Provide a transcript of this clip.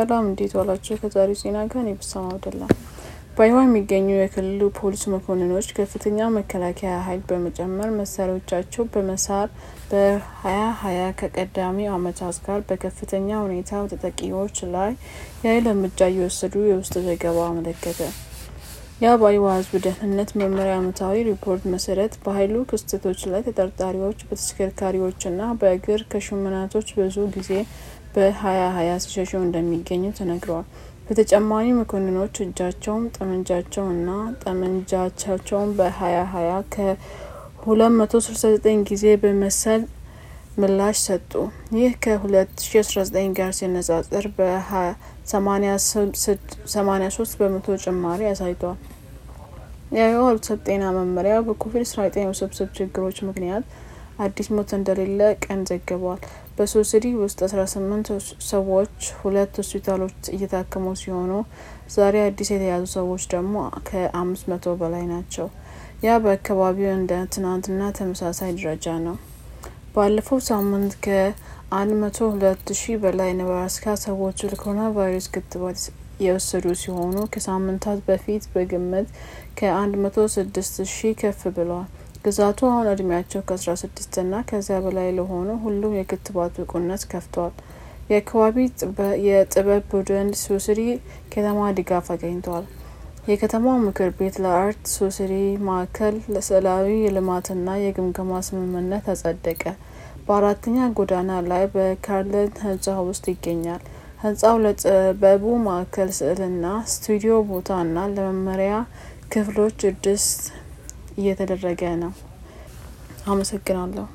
ሰላም እንዴት ዋላችሁ? ከዛሬው ዜና ጋር እኔ ብሰማ አይደለም። በአይዋ የሚገኙ የክልሉ ፖሊስ መኮንኖች ከፍተኛ መከላከያ ኃይል በመጨመር መሳሪያዎቻቸው በመሳር በሀያ ሀያ ከቀዳሚ አመታት ጋር በከፍተኛ ሁኔታ ተጠቂዎች ላይ የኃይል እርምጃ እየወሰዱ የውስጥ ዘገባ አመለከተ። የአባይዋ ህዝብ ደህንነት መመሪያ አመታዊ ሪፖርት መሰረት በኃይሉ ክስተቶች ላይ ተጠርጣሪዎች በተሽከርካሪዎችና በእግር ከሽመናቶች ብዙ ጊዜ በ2020 ሲሸሸው እንደሚገኙ ተነግረዋል። በተጨማሪ መኮንኖች እጃቸውም ጠመንጃቸው እና ጠመንጃቸውን በ2020 ከ269 ጊዜ በመሰል ምላሽ ሰጡ። ይህ ከ2019 ጋር ሲነጻጸር በ83 በመቶ ጭማሪ አሳይቷል። ሰብ ጤና መመሪያ በኮቪድ-19 ውስብስብ ችግሮች ምክንያት አዲስ ሞት እንደሌለ ቀን ዘግበዋል። በሶስሪ ውስጥ አስራ ስምንት ሰዎች ሁለት ሆስፒታሎች እየታከሙ ሲሆኑ ዛሬ አዲስ የተያዙ ሰዎች ደግሞ ከአምስት መቶ በላይ ናቸው። ያ በአካባቢው እንደ ትናንትና ተመሳሳይ ደረጃ ነው። ባለፈው ሳምንት ከ አንድ መቶ ሁለት ሺህ በላይ ነበራስካ ሰዎች ለኮሮና ቫይረስ ክትባት የወሰዱ ሲሆኑ ከሳምንታት በፊት በግምት ከ አንድ መቶ ስድስት ሺህ ከፍ ብለዋል። ግዛቱ አሁን እድሜያቸው ከአስራ ስድስት ና ከዚያ በላይ ለሆኑ ሁሉም የክትባት ብቁነት ከፍቷል። የአካባቢ የጥበብ ቡድን ሱስሪ ከተማ ድጋፍ አገኝተዋል። የከተማው ምክር ቤት ለአርት ሱስሪ ማዕከል ለስዕላዊ ልማትና የግምገማ ስምምነት ተጸደቀ። በአራተኛ ጎዳና ላይ በካርለን ህንጻ ውስጥ ይገኛል። ህንጻው ለጥበቡ ማዕከል ስዕልና ስቱዲዮ ቦታ ና ለመመሪያ ክፍሎች እድስ እየተደረገ ነው። አመሰግናለሁ።